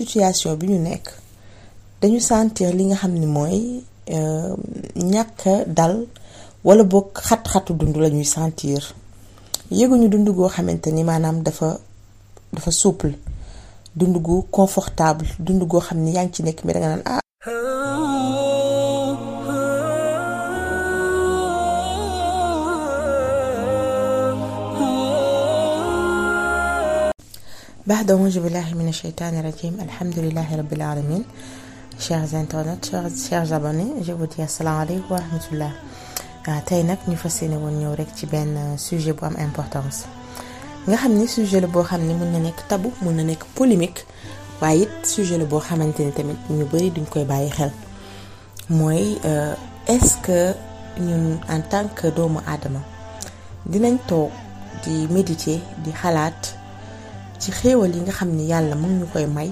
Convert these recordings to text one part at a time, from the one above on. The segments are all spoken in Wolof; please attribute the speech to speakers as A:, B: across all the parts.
A: situation bi ñu nekk dañu sentir li nga xam ni mooy euh, ñàkk dal wala boog xat-xatu dund la ñuy sentir yéguñu dund goo xamante ni maanaam dafa dafa souple dund gu confortable dund goo xam ni yaa ngi ci nekk mi da naan ah, Ba'da auzu billahi mina shaytani rajim alhamdulillahi rabbil alamin chers internautes chers chers abonnés je vous dis asalaamaaleykum wa rahmatullah ah, tey nag ñu fas yéene woon ñëw rek ci benn sujet bu am importance nga xam ni sujet la boo xam ni mun na nekk tabou mun na nekk polémique waaye it sujet la boo xamante ni tamit ñu bari duñ koy bàyyi xel mooy euh, est-ce que ñun en tant que doomu aadama dinañ toog di méditer di xalaat. ci xéewal yi nga xam ni yàlla mu ñu koy may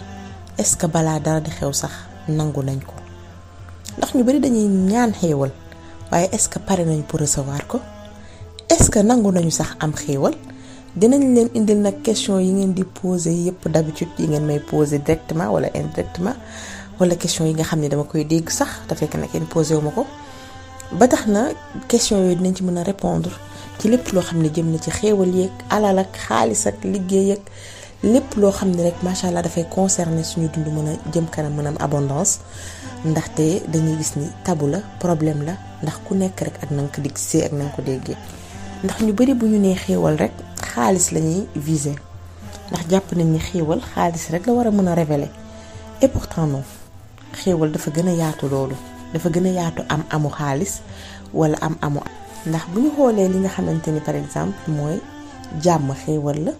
A: est-ce que balaa dara di xew sax nangu nañ ko ndax ñu bari dañuy ñaan xéewal waaye est-ce que pare nañ pour recevoir ko est-ce que nangu nañu sax am xéewal dinañ leen indil nag question yi ngeen di poser yépp d'habitude yi ngeen may poser directement wala indirectement wala question yi nga xam ne dama koy dégg sax te fekk na kenn posé wu ma ko ba tax na question yooyu dinañ ci mën a répondre ci lépp loo xam ne jëm na ci xéewal yeeg alal ak xaalis ak lépp loo xam ne rek macha allah dafay concerner suñu dund mën a jëm kanam mën am abondance ndaxte dañuy gis ni tabu la problème la ndax ku nekk rek ak na ko digg ak na ko déggee. ndax ñu bari bu ñu nee xéewal rek xaalis lañuy ñuy ndax jàpp nañ ni xéewal xaalis rek la war a mën a révéler et pourtant non xéewal dafa gën a yaatu loolu dafa gën a yaatu am amu xaalis wala am amu. ndax bu ñu xoolee li nga xamante ni par exemple mooy jàmm xéewal la.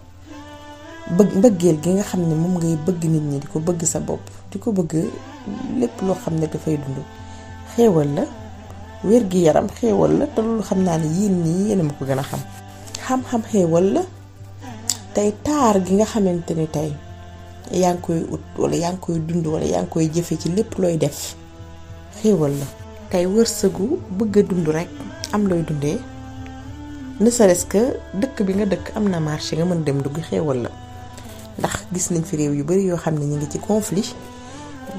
A: bëgg mbëggeel gi nga xam ne moom ngay bëgg nit ñi di ko bëgg sa bopp di ko bëgg lépp loo xam ne dafay dund xéewal la wér gi yaram xéewal la te xam naa ne yéen ñii yéen a ma ko gën a xam xam xéewal la tey taar gi nga xamante ni tey yaa ngi koy ut wala yaa ngi koy dund wala yaa ngi koy jëfe ci lépp looy def xéewal la tey wërsëgu bëgg a dund rek am looy dundee ne que dëkk bi nga dëkk am na marché nga mën dem dugg xéewal la ndax gis nañ fi réew yu bari yoo xam ne ñu ngi ci conflit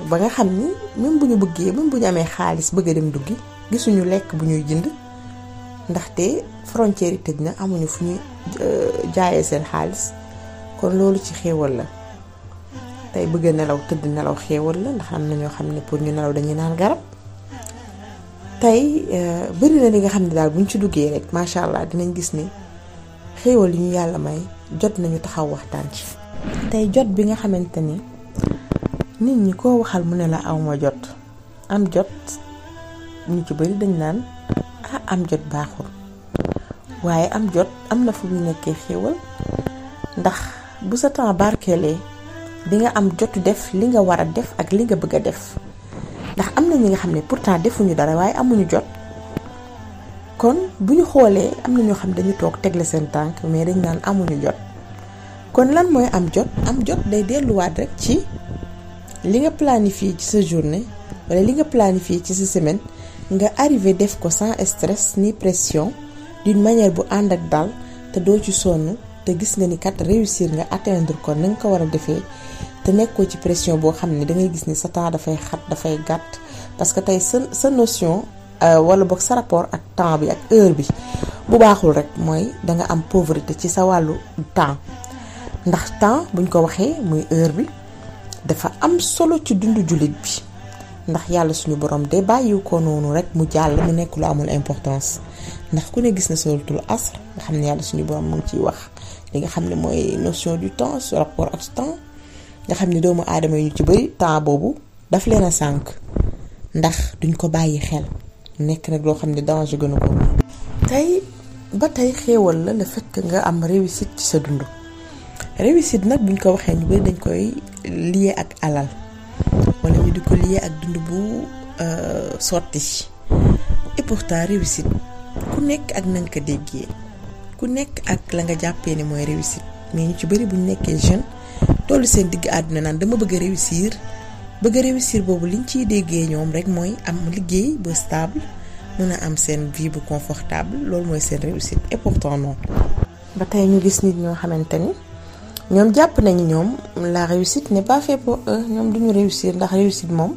A: ba nga xam ni même bu ñu bëggee même bu ñu amee xaalis bëgg a dem duggi gisuñu lekk bu ñuy jënd ndaxte frontière yi tëj na amuñu fu ñuy euh, jaayee seen xaalis kon loolu ci xéewal la tey bëgg nelaw tëdd nelaw xéewal la ndax am na ñoo xam ne pour ñu nelaw dañuy naan garab tey euh, bëri na li nga xam ne daal buñ ci duggee rek macha allah dinañ gis ni xéewal yi ñu yàlla may jot nañu taxaw waxtaan ci. tey jot bi nga xamante ni nit ñi koo waxal mu ne la awma jot am jot ñu ci bari dañ naan ah am jot baaxul waaye am jot am na fu ñu nekkee xéewal ndax bu sa temps barkeelee di nga am jotu def li nga war a def ak li nga bëgg a def ndax am na ñi nga xam ne pourtant defuñu dara waaye amuñu jot kon bu ñu xoolee am na ñoo xam dañu toog tegle seen tànk mais dañ naan amuñu jot kon lan mooy am jot am jot day delluwaat rek ci li nga planifier ci sa journée wala li nga planifier ci sa semaine nga arrivé def ko sans stress ni pression di manière bu ànd ak dal te doo ci sonn te gis nga ni kat réussir nga atteindre ko na nga ko war a defee te nekkoo ci pression boo xam ne da ngay gis ni sa temps dafay xat dafay gàtt parce que tey sa sa notion euh, wala boog sa rapport ak temps bi ak heure bi bu baaxul rek mooy da nga am pauvreté ci sa wàllu temps. ndax temps buñ ko waxee muy heure bi dafa am solo ci dundu jullit bi ndax yàlla suñu borom de bàyyiw ko noonu rek mu jàll mu nekk lu amul importance ndax ku ne gis na suratul asr nga xam ne yàlla suñu borom mu ngi ciy wax li nga xam ne mooy notion du temps su rapport xam ne doomu aadama yu ci bëri temps boobu daf leen a sànq ndax duñ ko bàyyi xel nekk nag loo xam ne danger gënu ko. tey ba tey xéewal la le fait nga am réussite ci sa dund. réussite nag ñu ko waxee ñu bari dañ koy lié ak alal wala ñu di ko lié ak dund bu euh, sotti et pourtant réussite ku nekk ak na ko déggee ku nekk ak la nga jàppee ni mooy réussite mais ñu ci bari buñ nekkee jeune tollu seen digg àdduna naan dama bëgg a réussir bëgg a réussir boobu liñ ciy déggee ñoom rek mooy am liggéey ba stable mën a am seen vie bu confortable loolu mooy seen réussite et pourtant non. ba tey ñu gis nit ñoo xamante ni. ñoom jàpp nañu ñoom la réussite n'est pas fait ñoom duñu réussir ndax réussit moom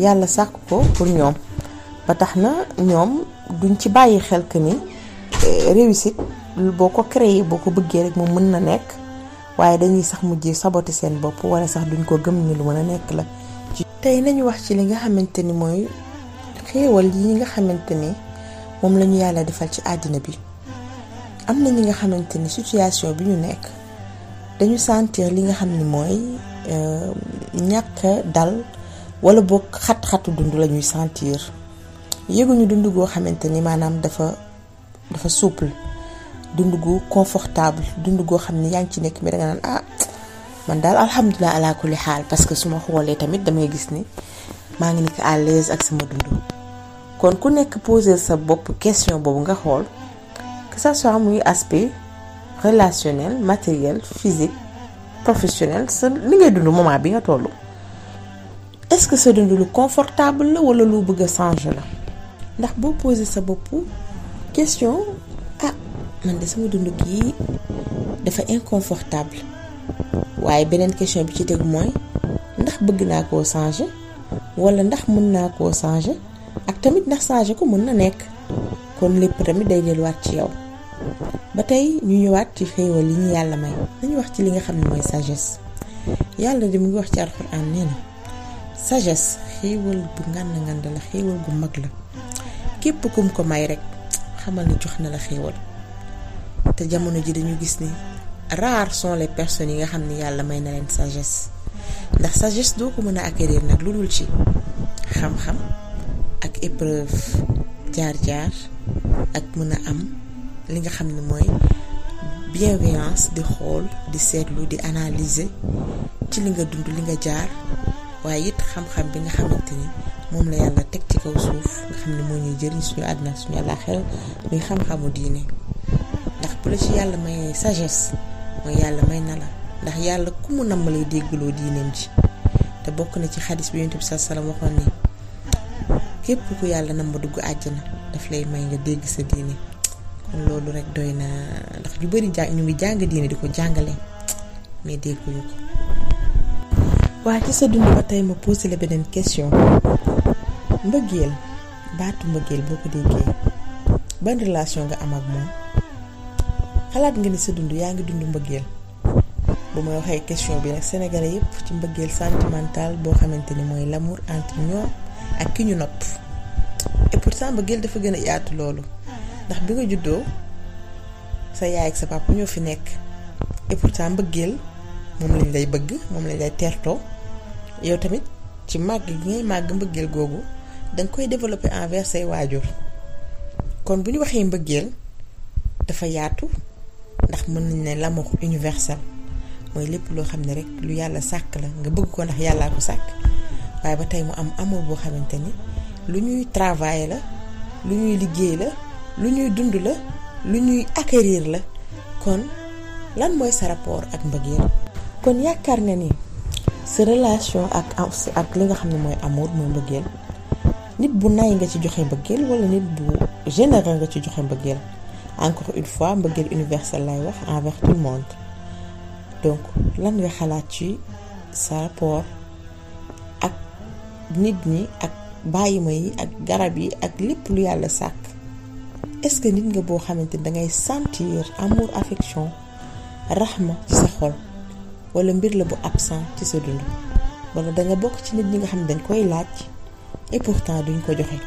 A: yàlla sàkk ko pour ñoom ba tax na ñoom duñ ci bàyyi xel que ni euh, réussite boo ko créer boo ko bëggee rek moom mën na nekk waaye dañuy sax mujjee saboter seen bopp wala sax duñ ko gëm ni lu mën a nekk la. tey nañu wax ci li nga xamante ni mooy xéewal yi nga xamante ni moom lañu yàlla defal ci àddina bi am na ñi nga xamante ni situation bi ñu nekk. dañu sentir li nga xam ni mooy euh, ñàkk dal wala boog xat-xatu dund la ñuy sentir yéeguñu dund goo xamante ni maanaam dafa dafa souple dund gu confortable dund goo xam ni yaa ngi ci nekk mi da nga naan ah man daal alhamdulilah ala kulli xaal parce que su ma xoolee tamit damay gis ni maa ngi nekk à l'aise ak sama dund. kon ku nekk poser sa bopp question boobu nga xool que ça soit muy aspect. relationnel matériel physique professionnel sa li ngay dund moment bi nga toll est-ce que sa dund lu confortable la wala loo bëgg a la ndax boo posé sa bopp question ah man de sama dund kii dafa inconfortable waaye beneen question bi ci teg mooy ndax bëgg naa ko changer wala ndax mën naa koo changer ak tamit ndax changer ko mën na nekk kon lépp tamit day delluwaat ci yow ba tey ñu ñëwaat ci xéewal li ñu yàlla may nañu wax ci li nga xam ne mooy sages yàlla di mu ngi wax ci alxuraan nee na sagesse xéewal bu ngànd ngànd la xéewal bu mag la képp kum ko may rek xamal ne jox na la xéewal te jamono ji dañu gis ni rares sont les personnes yi nga xam ne yàlla may na leen sages ndax sages doo ko mën a acquérir nag lu dul ci xam-xam ak épreuve jaar-jaar ak mën a am li nga xam ne mooy bienveillance di xool di seetlu di analyser ci li nga dund li nga jaar waaye it xam-xam bi nga xamante ni moom la yàlla teg ci kaw suuf nga xam ne moo ñuy jëriñ suñu àddina suñu àllaaxira muy xam-xamu diine ndax bu la ci yàlla mayee sagesse mooy yàlla may na la ndax yàlla ku mu namm lay déggloo diineem ji te bokk na ci xadis bi yonent bi sa salaam waxoon ni képp ku yàlla namm dugg àjjana daf lay may nga dégg sa diine man loolu rek doy na ndax ñu bari jàng ñu ngi jàng diine di ko jàngale mais dégguñu ko. waa ci sa dund ba tey ma posé la beneen question mbëggeel baatu mbëggeel boo ko déggee ban relation nga am ak moom xalaat nga ni sa dund yaa ngi dund mbëggeel bu ma waxee question bi nag sénégalais yépp ci mbëggeel sentimental boo xamante ni mooy l'amour entre ñoom ak ki ñu nopp et pourtant mbëggeel dafa gën a yaatu loolu. ndax bi nga juddoo sa yaay ak sa papa ñoo fi nekk et pourtant mbëggeel moom lañ day bëgg moom lañ lay teertoo yow tamit ci màgg gi ngay màgg mbëggeel googu danga koy développer envers say waajur kon bu ñu waxee mbëggeel dafa yaatu ndax mën nañ ne l'amour universel mooy lépp loo xam ne rek lu yàlla sàkk la nga bëgg ko ndax yàllaa ko sàkk waaye ba tey mu am amour boo xamante ni lu ñuy travailler la lu ñuy liggéey la lu ñuy dund la lu ñuy acquérir la kon lan mooy sa rapport ak mbëggeel kon yàkkaar nga ni sa relation ak ak la nga xam ne mooy amour mooy mbëggeel nit bu nay nga ci joxe mbëggeel wala nit bu généreux nga ci joxe mbëggeel encore une fois mbëggeel universel lay wax envers tout le monde donc lan nga xalaat ci sa rapport ak nit ñi ak bàyyima yi ak garab yi ak lépp lu yàlla sàkk est-ce que nit nga boo xamante ni dangay sentir amour affection rahma ci sa xol walla mbir la bu absent ci sa dund wala danga bokk ci nit ñi nga xam ne dañ koy laaj et pourtant duñ ko joxe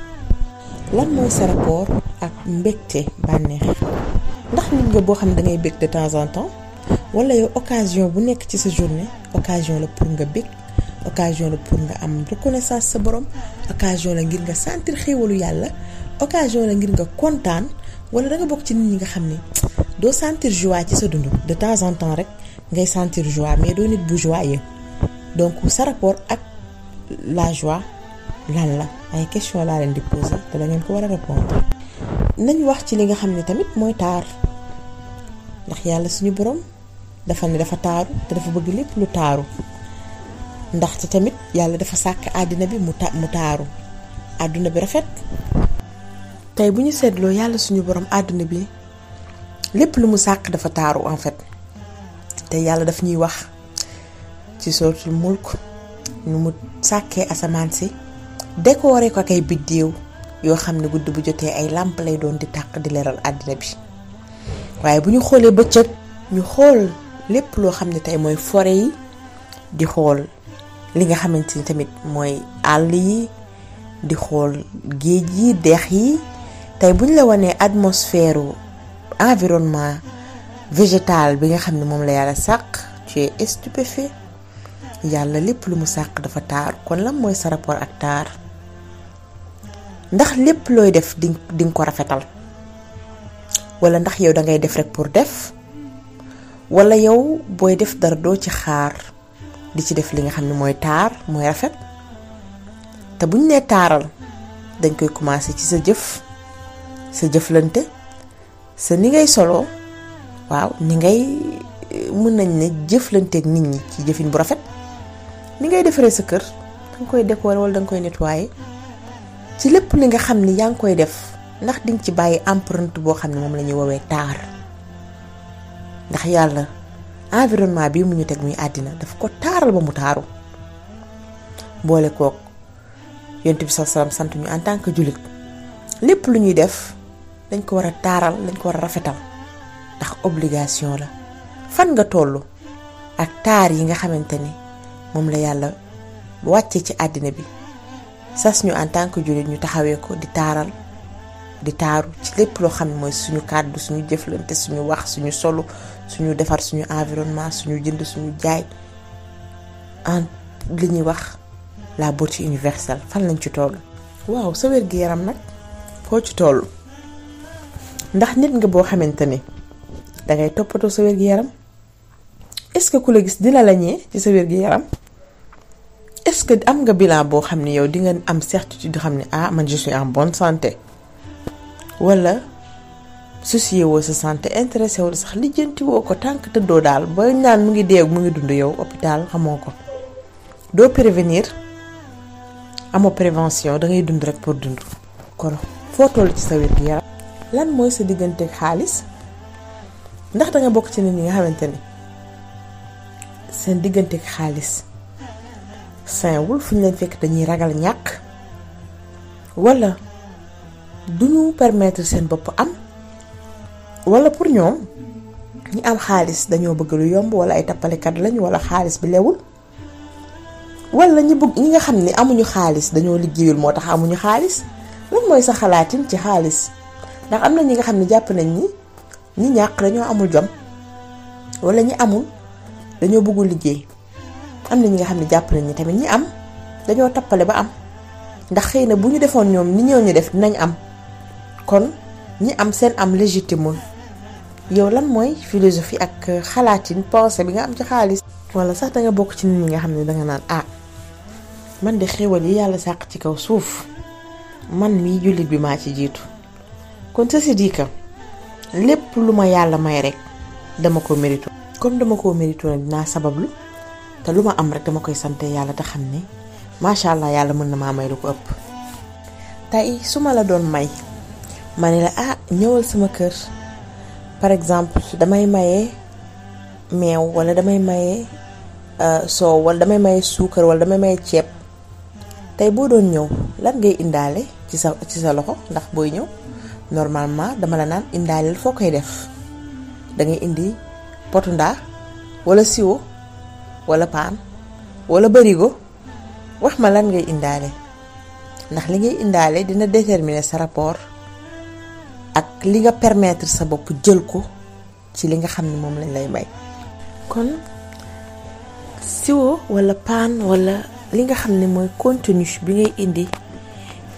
A: lan mooy sa rapport ak mbégte bànneex ndax nit nga boo xam ne dangay bég de temps en temps wala yow occasion bu nekk ci sa journée occasion la pour nga bég occasion la pour nga am reconnaissance sa borom occasion la ngir nga sentir xéewalu yàlla occasion la ngir nga kontaan wala da bokk ci nit ñi nga xam ni doo sentir joie ci sa dund de temps en temps rek ngay sentir joie mais doo nit bu joyeux donc sa rapport ak la joie lan la ay question laa leen di poser te da ngeen ko war a répondre nañ wax ci li nga xam ne tamit mooy taar ndax yàlla suñu borom defal ni dafa taaru te dafa bëgg lépp lu taaru ndaxte tamit yàlla dafa sàkk àddina bi mu mu taaru àdduna bi rafet tey bu ñu seetloo yàlla suñu borom àdduna bi lépp lu mu sàkk dafa taaru en te yàlla daf ñuy wax ci sootul mulk nu mu sàkkee asamaan si décoré ko ak ay biddéew yoo xam ne gudd bu jotee ay làmp lay doon di tàq di leeral àddina bi waaye bu ñu xoolee bëccëg ñu xool lépp loo xam ne tey mooy fore yi di xool li nga xamante ni tamit mooy àll yi di xool géej yi dex yi tey bu ñu la wanee atmosphère environnement végétal bi nga xam ne moom la yàlla sàq ci es stupéfait yàlla lépp lu mu sàq dafa taaru kon lam mooy sarapor ak taar ndax lépp looy def di di nga ko rafetal wala ndax yow da ngay def rekk pour def wala yow booy def dara doo ci xaar di ci def li nga xam ne mooy taar mooy rafet te buñ nee taaral dañ koy commencé ci sa jëf sa jëflante sa ni ngay solo waaw ni ngay mën nañ ne jëflanteeg nit ñi ci jëfin bu rafet ni ngay defaree sa kër danga koy décorer wala danga koy nettoyer ci lépp li nga xam ni yaa ngi koy def ndax dinga ci bàyyi empreinte boo xam ne moom lañuy woowee taar ndax yàlla environnement bi mu ñu teg muy àddina dafa ko taaral ba mu taaru boole kook yonent bi sa alayhi sant ñu en tant que jullit lépp lu ñuy def dañ ko war a taaral dañ ko war a rafetal ndax obligation la fan nga tollu ak taar yi nga xamante ni moom la yàlla wàcce ci àddina bi sas ñu en tànk que ñu taxawee ko di taaral di taaru ci lépp loo xam ne mooy suñu kàddu suñu jëflante suñu wax suñu solu suñu defar suñu environnement suñu jënd suñu jaay en li ñuy wax la beauté universelle fan lañ ci toll. waaw sa wér-gu-yaram nag foo ci toll. ndax nit nga boo xamante ne dangay toppatoo sa wér gi yaram est-ce que ku la gis dina la ñee ci sa wér-gu-yaram est-ce que am nga bilan boo xam ne yow di nga am certitude xam ne ah man je suis en bonne santé wala soucié woo sa santé intéressé wala sax lijjanti ko tànk tëddoo daal ba naan mu ngi deeg mu ngi dund yow hôpital xamoo ko doo prévenir amoo prévention da ngay dund rek pour dund kon foo toll ci sa wér-gu-yaram lan mooy sa digganteeg xaalis ndax danga bokk ci nit ñi nga xamante ne seen digganteeg xaalis sañwul fu ñu leen fekk dañuy ragal ñàkk wala du ñu permettre seen bopp am wala pour ñoom ñi am xaalis dañoo bëgg lu yomb wala ay tappalekat lañ wala xaalis bi lewul wala ñi bëgg ñi nga xam ne amuñu xaalis dañoo liggéeyul moo tax amuñu xaalis lan mooy sa xalaatin ci xaalis ndax am na ñi nga xam ne jàpp nañ ni ñi ñàkk dañoo amul jom wala ñi amul dañoo bëggul liggéey am na ñi nga xam ne jàpp nañ ñi tamit ñi am dañoo tappale ba am ndax xëy na bu ñu defoon ñoom ni ñëw ñu def dinañ am kon ñi am seen am légitimul yow lan mooy philosophie ak xalaatin pensée bi nga am ci xaalis. wala sax danga bokk ci nit ñi nga xam ne danga naan ah man de xéewal yi yàlla sàq ci kaw suuf man mii jullit bi maa ci jiitu. kon ceci dit que lépp lu ma yàlla may rek dama ko mérito comme dama ko mérito nag dinaa sabablu te lu ma am rek dama koy sante yàlla te xam ne macha allah yàlla mën na maa may lu ko ëpp. tey su ma la doon may ma ne la ah ñëwal sama kër par exemple damay maye meew wala damay maye euh, soow wala damay maye suukar wala damay maye ceeb tey boo doon ñëw lan ngay indaale ci sa ci sa loxo ndax booy ñëw. normalement dama la naan indaaleel foo koy def da ngay indi potu ndaa wala siwo wala paan wala barigo wax ma lan ngay indaale ndax li ngay indaale dina déterminer sa rapport ak li nga permettre sa bopp jël ko ci li nga xam ne moom lañ lay mbay kon siwo walla paan walla li nga xam ne mooy contenu bi ngay indi.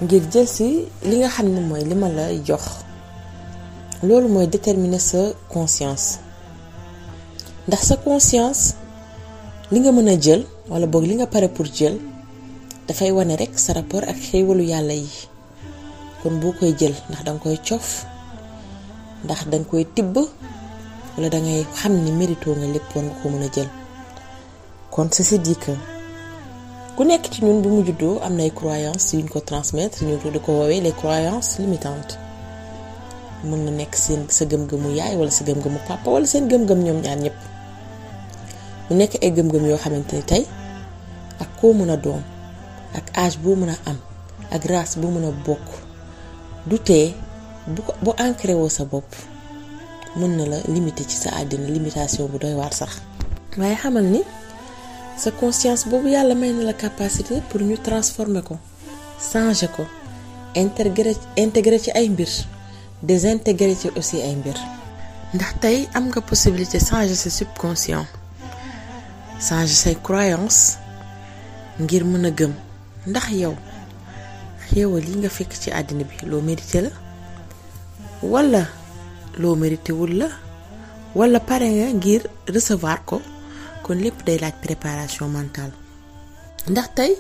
A: ngir jël si li nga xam ne mooy li ma la jox loolu mooy déterminer sa conscience ndax sa conscience li nga mën a jël wala boog li nga pare pour jël dafay wane rek sa rapport ak xéewalu yàlla yi kon boo koy jël ndax danga koy cof ndax danga koy tibb wala dangay xam ni mérito nga lépp war nga ko mën a jël kon ceci dit que ku nekk ci ñun bu mu juddoo am nay croyances yuñ ko transmettre ñu di ko woowee les croyances limitantes mën na nekk seen sa gëm-gëmu yaay wala sa gëm-gëmu papa wala seen gëm-gëm ñoom ñaar ñëpp mu nekk ay gëm-gëm yoo xamante ni tey ak koo mën a doom ak âge boo mën a am ak race boo mën a bokk du tee bu ko bu ancré woo sa bopp mën na la limité ci sa àddina limitation bu doy waat sax waaye xamal ni. sa conscience boobu yàlla may na la capacité pour ñu transformer ko changer ko intégrer intégrer ci ay mbir des désintégrer ci aussi ay mbir. ndax tey am nga possibilité changer sa subconscient changer say croyance ngir mën a gëm ndax yow xéewal yi nga fekk ci àddina bi loo mérité la wala loo mérité wul la wala pare nga ngir recevoir ko. kon lépp day laaj préparation mentale ndax tey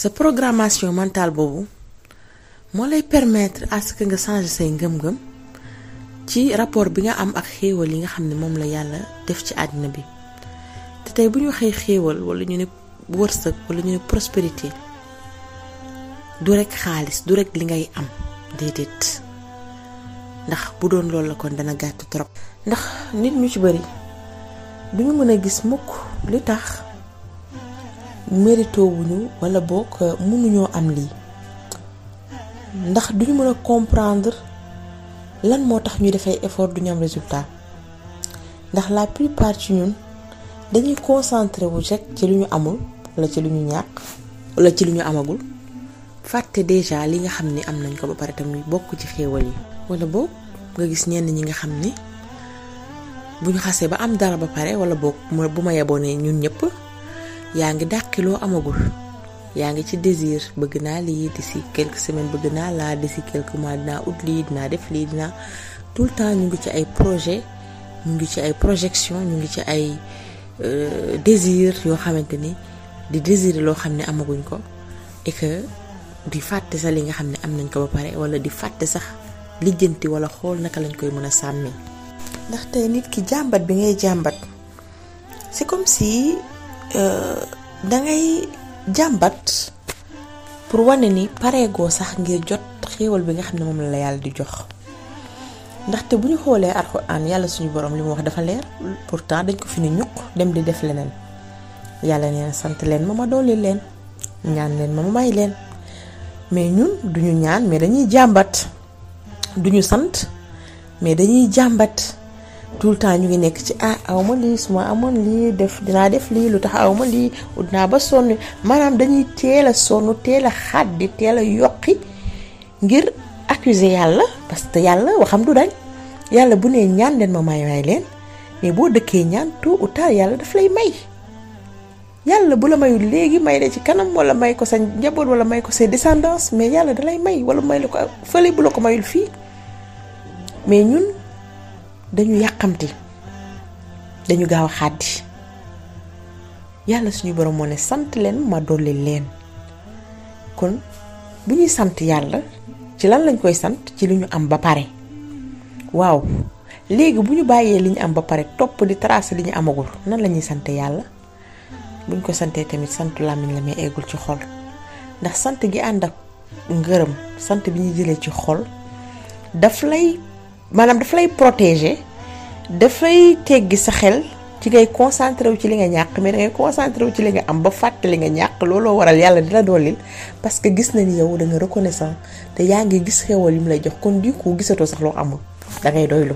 A: sa programmation mentale boobu moo lay permettre à nga changer say ngëm-ngëm ci rapport bi nga am ak xéewal yi nga xam ne moom la yàlla def ci àddina bi te tey bu ñu waxee xéewal wala ñu ne wërsëg wala ñu ne prospérité du rekk xaalis du rekk li ngay am déedéet ndax bu doon loolu la kon dana gàtt trop. ndax nit ñu ci bari. duñu mën a gis mukk li tax wu méritoowuñu wala bokk euh, mënuñoo am lii ndax duñu mën a comprendre lan moo tax ñu defay effort duñu am résultat ndax la plupart ci ñun dañuy concentré wu rek ci lu ñu amul wala ci lu ñu ñàkk wala ci lu ñu amagul fàtte déjà li nga xam ni am nañ ko ba pare tamit bokk ci xéewal yi wala boog nga gis ñenn ñi nga xam ni bu ñu xasee ba am dara ba pare wala boog bu ma yeboo ñun ñëpp yaa ngi dàqi loo amagul yaa ngi ci désir bëgg naa lii si quelques semaine bëgg naa laa d'ici quelques mois dinaa ut lii dinaa def lii dinaa tout le temps ñu ngi ci ay projet ñu ngi ci ay projection ñu ngi ci ay euh, désir yoo xamante ni di désir loo xam ne amaguñ ko et que di fàtte sax li nga xam ne am nañ ko ba pare wala di fàtte sax lijjanti wala xool naka lañ koy mën a sàmmee ndaxte nit ki jàmbat bi ngay jàmbat c'est comme si euh, dangay jàmbat pour wane ni pareegoo sax ngir jot xéewal bi nga xam ne moom la la yàlla di jox ndaxte bu ñu xoolee alxuraan yàlla suñu borom li mu wax dafa leer pourtant dañ ko fi ni ñuq dem di def leneen yàlla nee sant leen ma ma doole leen ñaan leen ma ma may leen mais ñun duñu ñaan mais dañuy jàmbat duñu sant mais dañuy jàmbat tout le temps ñu ngi nekk ci ah aw ma lii su ma amoon lii def dinaa def lii lu tax aw ma lii dinaa ba sonn maanaam dañuy teel a sonn teel a xàddi teel a yokki ngir accuser yàlla parce que yàlla waxam du dañ yàlla bu nee ñaan leen ma may may leen mais boo dëkkee ñaan tôt ou yàlla daf lay may yàlla bu la mayul léegi may la ci kanam wala may ko sa njaboot wala may ko sa descendance mais yàlla dalay may wala may la ko fële bu la ko mayul fii mais ñun. dañu yàqamti dañu gaaw a xàddi yàlla suñu borom moo ne sant leen ma dolli leen kon bu ñuy sant yàlla ci lan lañ koy sant ci li ñu am ba pare waaw léegi bu ñu bàyyee li ñu am ba pare topp di tracé li ñu amagul nan la ñuy sant yàlla buñ ko santee tamit sant làmmiñ la may eggul ci xol ndax sant gi ànd ak ngërëm sant bi ñuy jëlee ci xol daf lay maanaam daf lay protéger daf lay teggi sa xel ci ngay concentré wu ci li nga ñàkk mais da ngay wu ci li nga am ba fàtte li nga ñàkk looloo waral yàlla di la doolil parce que gis na ni yow da nga reconnaissant te yaa ngi gis xewal yu mu lay jox kon du coup gisatoo sax loo amul da ngay doylu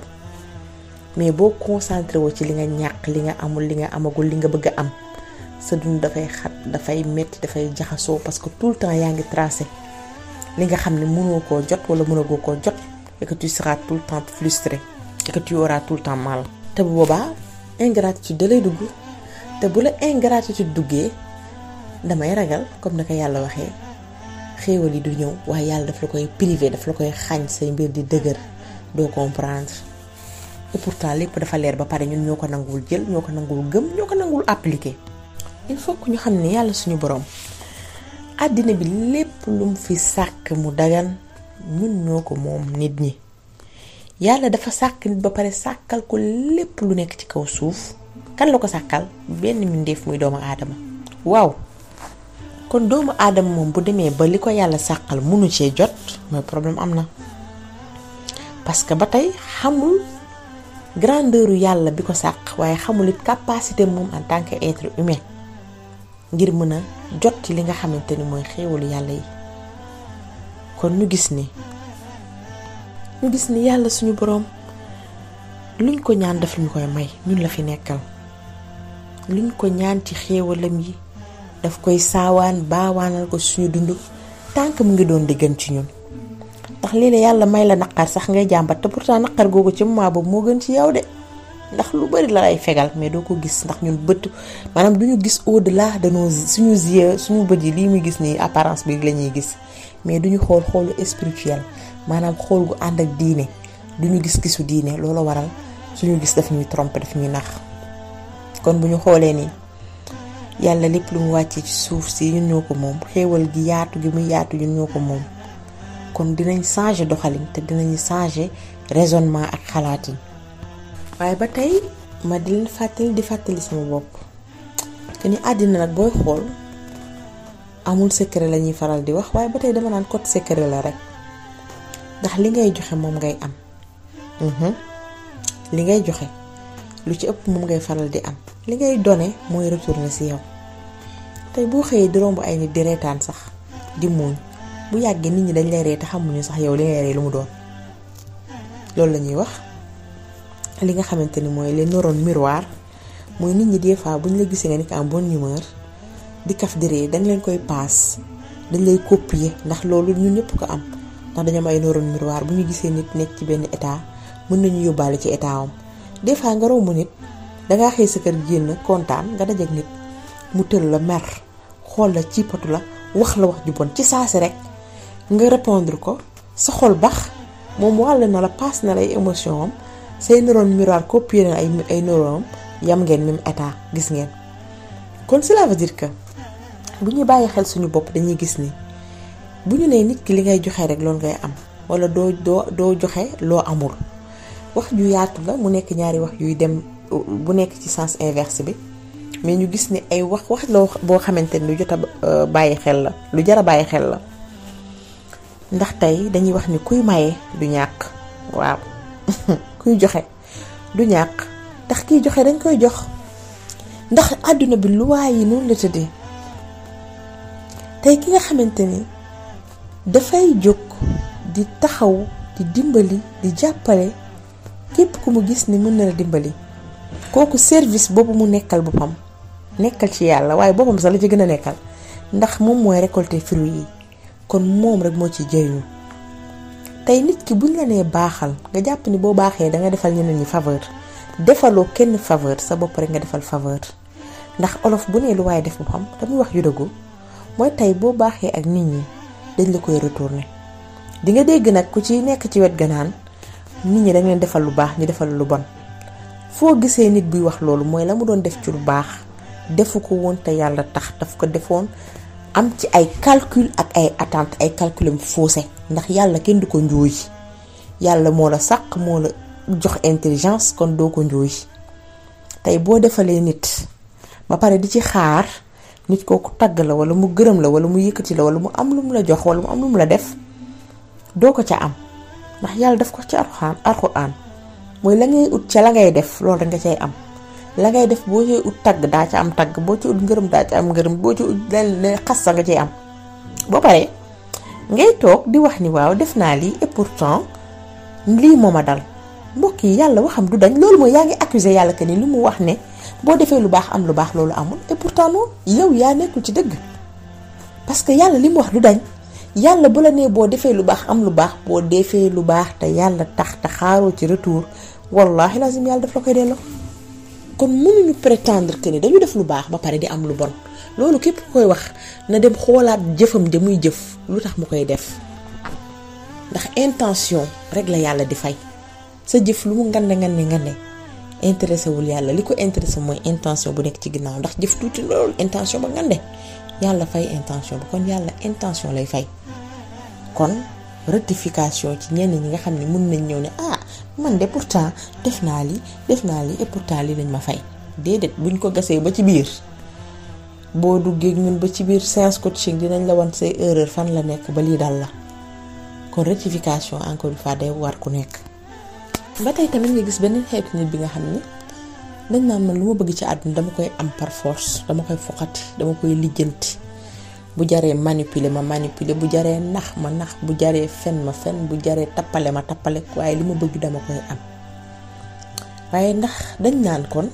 A: mais boo concentré woo ci li nga ñàkk li nga amul li nga amagul li nga bëgg a am sa dund dafay xat dafay metti dafay jaxasoo parce que tout le temps yaa ngi tracé li nga xam ne mënoo koo jot wala mënagoo koo jot et que temps frustré et que tu auras tout le temps mal te bu boobaa ingratitude da lay dugg te bu la ingratitude duggee damay ragal comme ni yàlla waxee xéewal yi du ñëw waaye yàlla daf la koy privé daf la koy xañ say mbir di dëgër doo comprendre et pourtant lépp dafa leer ba pare ñun ñoo ko nanguwul jël ñoo ko nanguwul gëm ñoo ko nanguwul appliquer. il faut que ñu xam ne yàlla suñu borom àddina bi lépp lu mu fi sàkk mu dagan ñun ñoo ko moom nit ñi yàlla dafa sàkk nit ba pare sàkkal ko lépp lu nekk ci kaw suuf kan la ko sàkkal benn mbindeef muy doomu aadama waaw kon doomu aadama moom bu demee ba li ko yàlla sàkkal munu cee jot mooy problème am na parce que ba tey xamul grandeur yàlla bi ko sàq waaye xamul it capacité moom en tant que être humain ngir mën a jot ci li nga xamante ni mooy xéewalu yàlla yi kon ñu gis nii ñu gis nii yàlla suñu boroom luñ ko ñaan daf ñu koy may ñun la fi nekkal luñ ko ñaan ci xéewalam yi daf koy saawaan baawaanal ko suñu dund tànk mu ngi doon di gën ci ñun ndax lii léeg yàlla may la naqar sax ngay jàmbat te pourtant naqar googu ci moment boobu moo gën ci yow de ndax lu bari la ay fegal mais doo ko gis ndax ñun bët maanaam du ñu gis au delà de nos suñu yeux suñu bët yi lii muy gis nii apparence bi lañuy gis mais du duñu xool xoolu spirituel maanaam xool gu ànd ak diine duñu gis-gisu diine loola waral suñu gis daf ñuy tromper daf ñuy nax kon bu ñu xoolee ni yàlla lépp lu mu wàccee ci suuf si ñun ñoo ko moom xéewal gi yaatu gi muy yaatu ñun ñoo ko moom kon dinañ changer doxalin te dinañu changer raisonnement ak xalaatin waaye ba tey ma di leen fàttali di fàttali sama bopp que ni àddina nag booy xool. amul secret la ñuy faral di wax waaye ba tey dama naan code secret la rek ndax li ngay joxe moom ngay am mhm. li ngay joxe lu ci ëpp moom ngay faral di am li ngay done mooy retourner si yow tey boo xëyee di romb ay nit di reetaan sax di muuñ bu yàggee nit ñi dañ lay ree xamuñu sax yow li ngay ree lu mu doon loolu la ñuy wax li nga xamante ni mooy les neurones miroir mooy nit ñi des bu ñu la gisee nga nekk en bonne humeur. di kaf di ree dañ leen koy paas dañ lay copier ndax loolu ñun ñëpp ko am ndax dañoo may ay neurones miroir bu ñu gisee nit nekk ci benn état mën nañu yóbbaale ci état am des fois nga romb nit dangaa xëy sa kër génn kontaan nga dajeek nit mu tël la mer xool la ci patu la wax la wax ju bon ci si rek nga répondre ko sa xol bax moom wàll na la paas na lay émotion am say neurones miroir copier na ay ay neurones yam ngeen même état gis ngeen kon cela veut dire bu ñu bàyyi xel suñu bopp dañuy gis ni bu ñu nee nit ki li ngay joxe rek loolu ngay am wala doo doo doo joxe loo amul wax ju yaatu la mu nekk ñaari wax yuy dem bu nekk ci sens inverse bi mais ñu gis ni ay wax wax la boo xamante ni lu jot a euh, bàyyi xel la lu jar a bàyyi xel la ndax tey dañuy wax ni kuy maye du ñàkk waaw kuy joxe du ñàkk ndax kiy joxe dañ koy jox ndax àdduna bi lu luwaay yi noonu la tëddee. tey ki nga xamante ni dafay jóg di taxaw di dimbali di jàppale képp ku mu gis ni mën na la dimbali kooku service boobu mu nekkal boppam nekkal ci yàlla waaye boppam sax la ci gën a nekkal ndax moom mooy récolter fruit yi kon moom rek moo ci jëriñu tey nit ki buñ la nee baaxal nga jàpp ni boo baaxee da nga defal ñeneen ñi faveur defaloo kenn faveur sa bopp rek nga defal faveur ndax olof bu nee lu waaye def boppam te muy wax yu mooy tey boo baaxee ak nit ñi dañ la koy retourner di nga dégg nag ku ci nekk ci wet ganaan nit ñi dañ leen defal lu baax ñu defal lu bon foo gisee nit buy wax loolu mooy la mu doon def ci lu baax defu ko woon te yàlla tax daf ko defoon am ci ay calcul ak ay attente ay calculum faussé ndax yàlla kenn du ko njuuy yàlla moo la sàq moo la jox intelligence kon doo ko njuuy tey boo defalee nit ba pare di ci xaar nit kooku tagg la wala mu gërëm la wala mu yëkkati la wala mu am lu mu la jox wala mu am lu mu la def doo ko ca am ndax yàlla daf ko ci alxuraan alxuraan mooy la ut ca la ngay def loolu da nga cay am la ngay def boo ci ut tagg daa ca am tagg boo ci ut ngërëm daa ca am ngërëm boo ci ut lenn xas sa nga cay am boo paree ngay toog di wax ni waaw def naa lii et pourtant lii moo ma dal mbokk yi yàlla waxam du dañ loolu mooy yaa ngi accusé yàlla que ni lu mu wax ne boo defee lu baax am lu baax loolu amul et pourtant non yow yaa nekkul ci dëgg parce que yàlla li mu wax du dañ yàlla bu la nee boo defee lu baax am lu baax boo defee lu baax te yàlla tax te xaaroo ci retour wallahi lazim yàlla daf la koy delloo. kon mënuñu prétendre que ni dañu def lu baax ba pare di am lu bon loolu képp ku koy wax na dem xoolaat jëfam ja jëf lu tax mu koy def ndax intention rek la yàlla di fay sa jëf lu mu ngande ngande ngande intéressé wul yàlla li ko intéressé mooy intention bu nekk ci ginnaaw ndax jëf tuuti loolu intention ba ngande yàlla fay intention ba kon yàlla intention lay fay kon ratification ci ñenn ñi nga xam ne mën nañ ñëw ne ah man de pourtant def naa li def naa li et pourtant li lañ ma fay déedéet buñ ko gasee ba ci biir boo duggee ñun ba ci biir séance coaching dinañ la wan say erreur fan la nekk ba lii dal la kon rectification encore une fois day war ku nekk. ba tey tamit nga gis beneen xeetu nit bi nga xam ne dañ naan man lu ma bëgg ci àdduna dama koy am par dama koy foqati dama koy lijjanti bu jaree manipuler ma manipuler bu jaree nax ma nax bu jaree fen ma fen bu jaree tappale ma tappale waaye li ma bëgg dama koy am waaye ndax dañ naan kon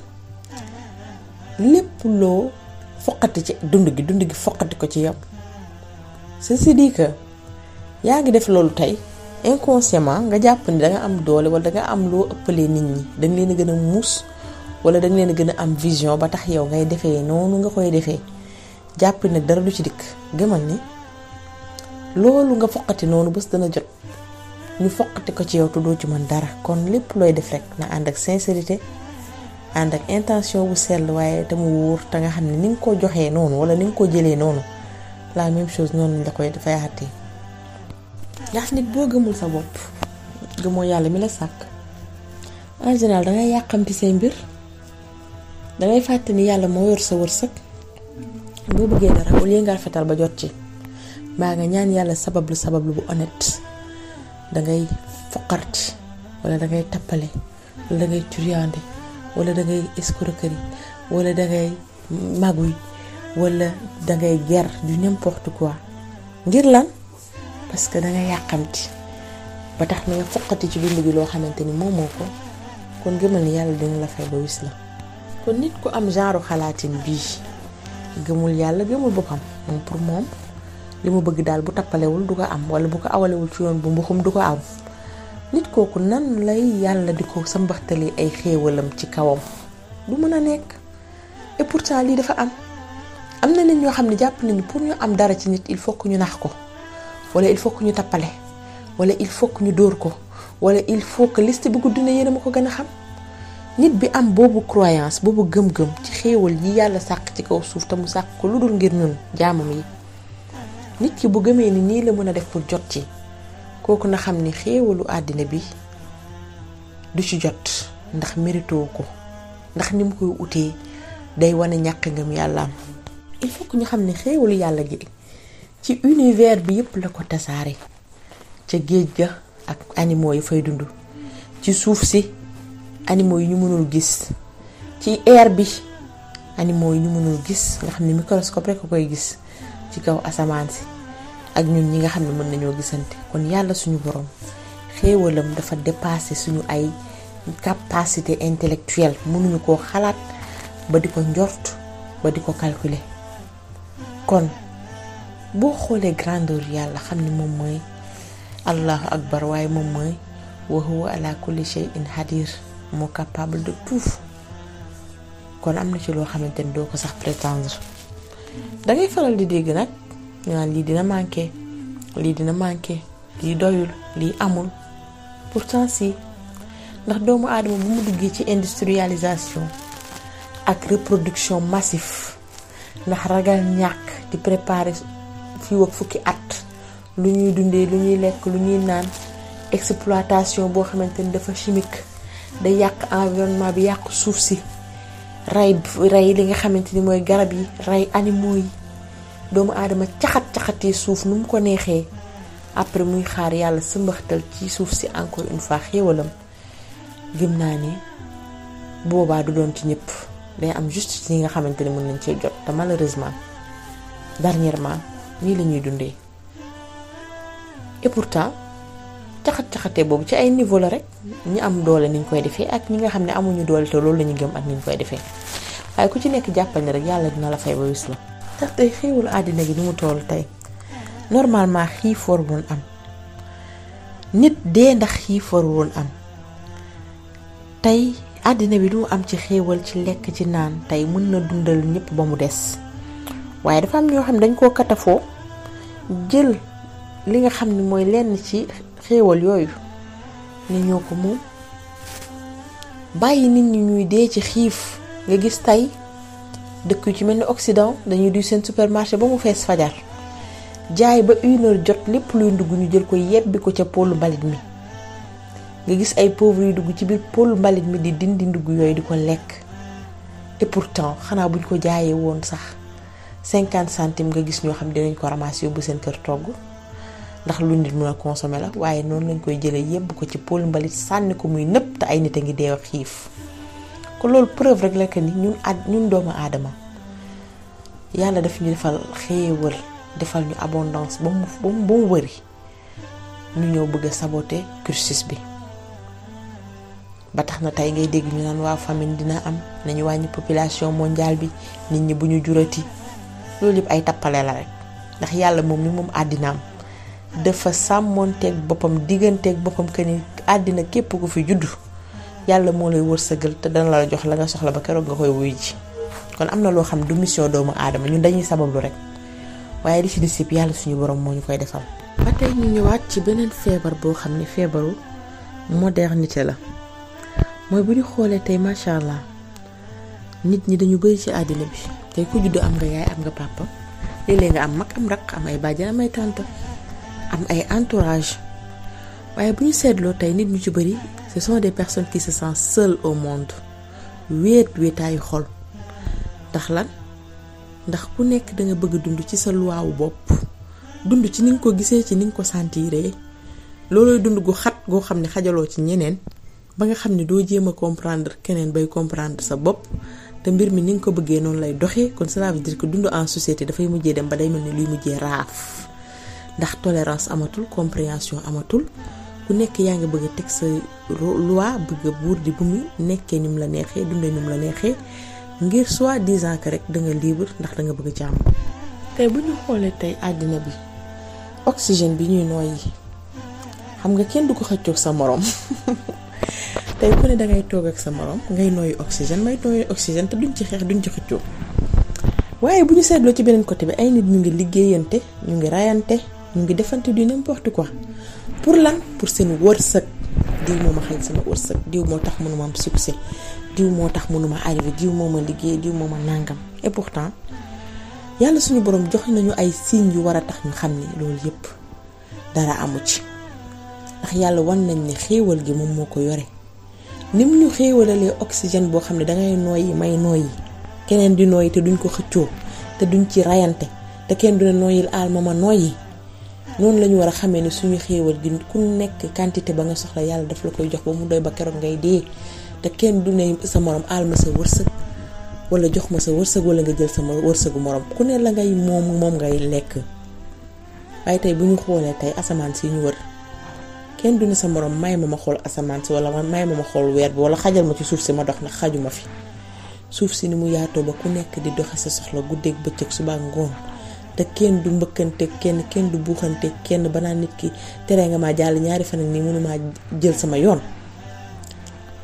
A: lépp loo foqati ci dund gi dund gi foqati ko ci yow ceci dit yaa ngi def loolu tey inconsciemment nga jàpp ni danga am doole wala danga am loo ëppalee nit ñi danga leen a gën a muus wala danga leen a gën a am vision ba tax yow ngay defee noonu nga koy defee jàpp ni dara du ci dikk gëmal ni loolu nga foqati noonu bés dana jot ñu foqati ko ci yow tuddoo ci man dara kon lépp looy def rek na ànd ak sincérité ànd ak intention bu sell waaye te mu wóor te nga xam ne ni nga ko joxee noonu wala ni nga ko jëlee noonu la même chose noonu la koy dafay àttee ndax nit boo gëmul sa bopp gëmoo yàlla mi la sàkk en général dangay yàqamti say mbir dangay fàtte ni yàlla moo yor sa wërsëg boo bëggee dara au lieu nga rafetal ba jot ci mbaa nga ñaan yàlla sabablu sabablu bu honnête dangay foqarti wala dangay tappale wala dangay turiande wala dangay escroquerie wala dangay maguy wala dangay ger du n'importe quoi ngir lan parce que da nga yàqamti ba tax na nga foqati ci dund gi loo xamante ni moom moomoo ko kon gëmal ni yàlla dina la fay ba wis la kon nit ku am genre xalaatin bii gëmul yàlla gëmul boppam moom moom li mu bëgg daal bu tappalewul du ko am wala bu ko awalewul ci yoon bu mbuxum du ko am nit kooku nan lay yàlla di ko sambaxtalee ay xéewalam ci kawam du mën a nekk et pourtant lii dafa am am na nit ñoo xam ne jàpp nañu pour ñu am dara ci nit il faut que ñu nax ko wala il faut que ñu tappale wala il faut que ñu dóor ko wala il faut que liste bi gudd na yéen a ma ko gën a xam nit bi am boobu croyance boobu gëm-gëm ci xéewal yi yàlla sàq ci kaw suuf te mu sàq ko lu dul ngir ñun jaamam yi nit ki bu gëmee ni nii la mën a def pour jot ci kooku na xam ni xéewalu àddina bi du ci jot ndax méritoo ko ndax ni mu koy utee day wane ñàkk ngëm yàlla am il faut que ñu xam ne xéewalu yàlla gi ci univers bi yëpp la ko tasaare ca géej ga ak animaux yi fay dund ci suuf si animaux yi ñu mënul gis ci air bi animaux yi ñu mënul gis nga xam ne microscope rek a koy gis ci kaw asamaan si ak ñun ñi nga xam ne mën nañoo gisante kon yàlla suñu borom xéewalam dafa dépassé suñu ay capacité intellectuelle mënuñu koo xalaat ba di ko njort ba di ko calculer kon boo xoolee grandeur yàlla xam ni moom mooy allahu akbar waaye moom mooy wa huwa ala kulli shay'in hadir moo capable de tout kon am na ci loo xamante ni doo ko sax prétendre dangay faral di dégg nag ñu naan lii dina manqué lii dina manqué lii doyul lii amul pourtant si ndax doomu aadama bu mu duggee ci industrialisation ak reproduction massif ndax ragal ñàkk di préparer fii fukki at lu ñuy dundee lu ñuy lekk lu ñuy naan exploitation boo xamante ni dafa chimique day yàq envionnement bi yàq suuf si rey rey li nga xamante ni mooy garab yi ray animaux yi doomu aadama caxat-caxatee suuf nu mu ko neexee après muy xaar yàlla sëmbaxtal ci suuf si encore une fois xéewalam gëm naa ne boobaa du doon ci ñëpp day am juste ci nga xamante ni mën nañ cee jot te malheureusement dernièrement nii lañuy ñuy dundee et pourtant caxat-caxatee boobu ci ay niveau la rek ñi am doole niñ koy defee ak ñi nga xam ne amuñu doole te loolu la ñu gëm ak niñ koy defee waaye ku ci nekk jàppal ne rek yàlla dina la fay ba wis la ndax tey àddina gi ni mu tollu tey normalement xiif war woon am nit dee ndax xiif war woon am tey àddina bi du am ci xéewal ci lekk ci naan tey mën na dundal ñëpp ba mu des waaye dafa am ñoo xam ne dañ koo katafoo jël li nga xam ne mooy lenn ci xéewal yooyu ne ñoo ko bàyyi nit ñi ñuy ci xiif nga gis tey dëkk yu ci mel ni Occident dañuy duy seen supermarché ba mu fees fajar jaay ba une jot lépp luy ndugg ñu jël ko yebbi ko ca pôlu mbalit mi nga gis ay pauvres yu dugg ci biir pôlu mbalit mi di dindi ndugg yooyu di ko lekk et pourtant xanaa buñ ko jaayee woon sax cinquante centime nga gis ñoo xam dinañ ko ramas yóbbu seen kër togg ndax lu nit mën a consommer la waaye noonu lañ koy jëlee yóbbu ko ci pôle mbalit sànni ko muy nëpp te ay nit a ngi dee xiif ko loolu preuve rek la que ni ñun ad ñun doomu aadama yàlla daf ñu defal xéewal defal ñu abondance ba wëri ñu ñëw bëgg a saboter bi ba tax na tey ngay dégg ñu naan waa famine dina am nañu wàññi population mondiale bi nit ñi bu ñu jurati loolu yëpp ay tappale la rek ndax yàlla moom ni moom àddinaam dafa sàmmoonteeg boppam digganteeg boppam que ni àddina képp ku fi juddu yàlla moo lay wërsëgal te dana la jox la nga soxla ba keroog nga koy wuy ji kon am na loo xam du mission doomu aadama ñun dañuy sabablu rek waaye li ci des yëpp yàlla suñu borom moo ñu koy defal. ba tey ñu ñëwaat ci beneen feebar boo xam ne feebaru modernité la mooy bu ñu xoolee tey macha allah nit ñi dañu bëri ci àddina bi. tey ku juddu am nga yaay am nga papa léeg nga am mag am rakk am ay bàjjan am ay tante am ay entourage waaye bu ñu seetloo tey nit ñu ci bëri ce sont des personnes qui se sentent seules au monde wéet wéetaayu xol ndax lan ndax ku nekk danga nga bëgg dund ci sa luwaawu bopp dund ci ni nga ko gisee ci ni nga ko sentiree loolooy dund gu xat goo xam ne xajaloo ci ñeneen ba nga xam ne doo jéem a comprendre keneen bay comprendre sa bopp te mbir mi ni nga ko bëggee noonu lay doxe kon cela veut dire que dund en société dafay mujjee dem ba day mel ni luy mujjee raaf ndax tolérance amatul compréhension amatul ku nekk yaa ngi bëgg a teg sa loi bëgg a buur di bu mu nekkee ni mu la neexee dundee ni mu la neexee ngir soit disant que rek da nga libre ndax danga bëgg jàmm. tey bu ñu xoolee tey àddina bi oxygène bi ñuy nooyi xam nga kenn du ko xëccoog sa moroom tey ku ne dangay toog ak sa moroom ngay nooyu oxygène may nooyu oxygène te duñ ci xeex duñ ci xëccoo waaye bu ñu seetloo ci beneen côté bi ay nit ñu ngi liggéeyante ñu ngi rayante ñu ngi defante du n'importe quoi pour lan pour seen wërsëg diw moo ma xañ sama wërsëg diw moo tax mënuma am succès diw moo tax mënuma arrivé diw moo ma liggéey diw moo ma nàngam et pourtant yàlla suñu borom jox nañu ay signes yu war a tax ñu xam ni loolu yépp dara amu ci ndax yàlla wan nañ ne xéewal gi moo ko yore ni mu ñu xéewalalee oxygène boo xam ne dangay nooyi may yi keneen di nooyi te duñ ko xëccoo te duñ ci reyante te kenn du ne nooyil aal ma ma yi noonu la ñu war a xamee ne suñu xéewal gi ku nekk quantité ba nga soxla yàlla daf la koy jox ba mu doy ba keroog ngay dee te kenn du ne sa morom aal ma sa wërsëg wala jox ma sa wërsëg wala nga jël sama wërsëgu moroom ku ne la ngay moom moom ngay lekk waaye tey bu ñu xoolee tey asamaan si ñu wër. kenn du ne sa moroom may ma ma xool asamaan si wala may ma ma xool weer bi wala xajal ma ci suuf si ma dox ndax xaju ma fi suuf si ni mu yaatoo ba ku nekk di doxe sa soxla guddeeg bëccëg suba ngoon te kenn du mbëkkante kenn kenn du buuxante kenn banaa nit ki tere nga ma jàll ñaari fan ak nii mënumaa jël sama yoon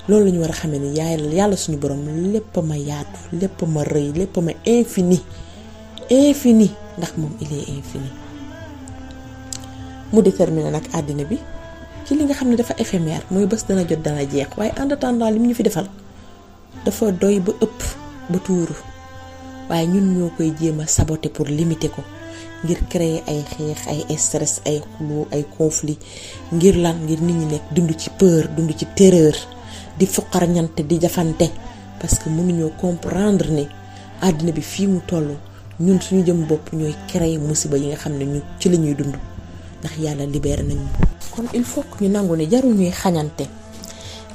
A: loolu lañu war a xamee ni yaay yàlla suñu borom lépp ma yaatu lépp ma rëy lépp ma infini infini ndax moom il est infini mu déterminé nag àddina bi ci li nga xam ne dafa éphémère mooy bés dana jot dana jeex waaye en attendant mu ñu fi defal dafa doy ba ëpp ba tuuru waaye ñun ñoo koy jéem a saboter pour limiter ko ngir créer ay xeex ay stress ay xuloo ay conflit ngir lan ngir nit ñi nekk dund ci peur dund ci terreur di fuqarñante di jafante parce que mënuñoo comprendre ne àddina bi fii mu toll ñun suñu jëm bopp ñooy créer musiba yi nga xam ne ñu ci la ñuy dund. ndax yàlla libéré nañu kon il faut que ñu nangu ne jarul ñuy xañante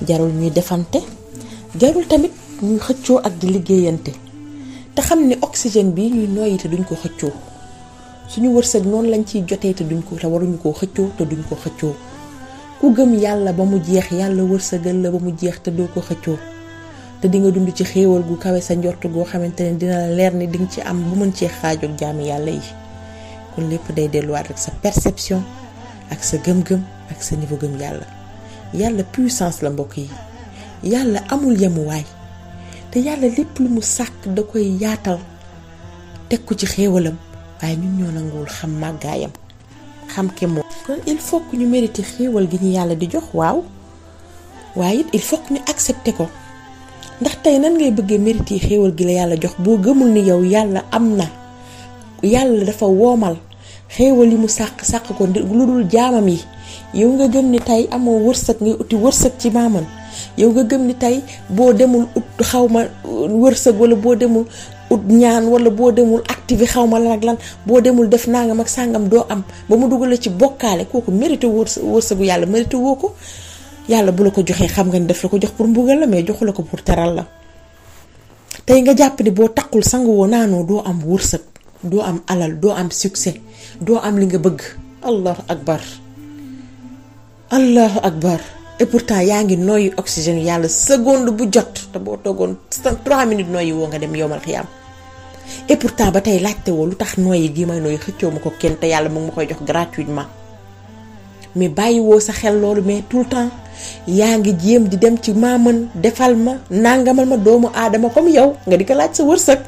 A: jarul ñuy defante jarul tamit ñuy xëccoo ak di liggéeyante te xam ne oxygène bi ñuy noyyi duñ ko xëccoo suñu wërsëg noonu lañ ciy jotee te duñ ko te waruñu koo xëccoo te duñ ko xëccoo ku gëm yàlla ba mu jeex yàlla wërsëgal la ba mu jeex te doo ko xëccoo te di nga dund ci xéewal gu kawe sa njort goo xamante ne dina la leer ni di nga ci am bu mën cee xaajog jaam yàlla yi kon lépp day delluwaat rek sa perception ak sa gëm-gëm ak sa niveau gëm yàlla yàlla puissance la mbokk yi yàlla amul yemuwaay te yàlla lépp lu mu sàkk da koy yaatal teg ko ci xéewalam waaye ñun ñoo nanguwul xam màggaayam xam ke moom il faut ñu meriti xéewal gi ñu yàlla di jox waaw waaye it il faut ñu accepté ko ndax tey nan ngay bëggee mérité xéewal gi la yàlla jox boo gëmul ni yow yàlla am na yàlla dafa woomal xéewal yi mu sàq sàq ko lu dul jaamam yi yow nga gëm ni tey amoo wërsëg ngay uti wërsëg ci maamam yow nga gëm ni tey boo demul ut xaw ma uh, wërsëg wala boo demul ut ñaan wala boo demul activé xaw ma lan ak lan boo demul def nangam ak sàngam doo am ba mu dugal ci bokkaale kooku mérité wërsëgu yàlla mérité woo ko yàlla bu la ko joxee xam nga ni daf la ko jox pour mbugal la mais joxu la ko pour teral la tey nga jàpp ni boo taqul sangu doo am wërsëg doo am alal doo am succès doo am li nga bëgg allahu akbar allahu akbar et pourtant yaa ngi noyyi oxygène yàlla seconde bu jot te boo toogoon trois minutes noyyi woo nga dem yowmal xiyaam et pourtant ba tey laajte lu tax noyyi gi may xëccoo ma ko kenn te yàlla mu ma koy jox gratuitement mais bàyyiwoo woo sa xel loolu mais tout le temps yaa ngi jéem di dem ci maaman defal ma nangamal ma doomu aadama comme yow nga di ko laaj sa wërsëg.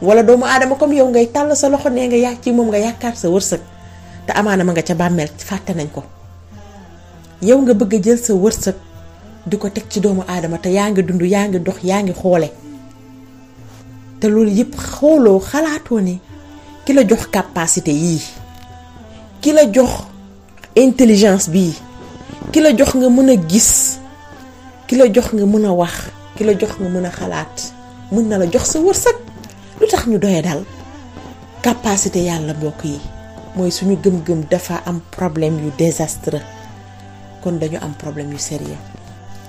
A: wala doomu aadama comme yow ngay tàll sa loxo nee nga yaa ci moom nga yaakaar sa wërsëg te amaana ma nga ca bàmmeel fàtte nañ ko yow nga bëgg a jël sa wërsëg di ko teg ci doomu aadama te yaa ngi dund yaa ngi dox yaa ngi xoole te loolu yëpp xooloo xalaatoo ne ki la jox capacité yii ki la jox intelligence bii ki la jox nga mën a gis ki la jox nga mën a wax ki la jox nga mën a xalaat mën na la jox sa wërsëg lu tax ñu doye dal capacité yàlla bokk yi mooy suñu gëm-gëm dafa am problème yu désastreux kon dañu am problème yu sérieux